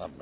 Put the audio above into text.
Amen.